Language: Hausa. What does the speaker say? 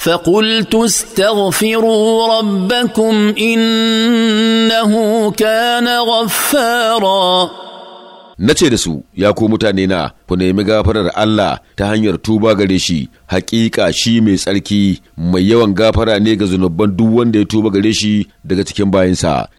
فقلت استغفروا ربكم إنه كان غفارا nace da su ya ku mutane na ku nemi gafarar Allah ta hanyar tuba gare shi hakika shi mai tsarki mai yawan gafara ne ga zunubban duk wanda ya tuba gare shi daga cikin bayansa.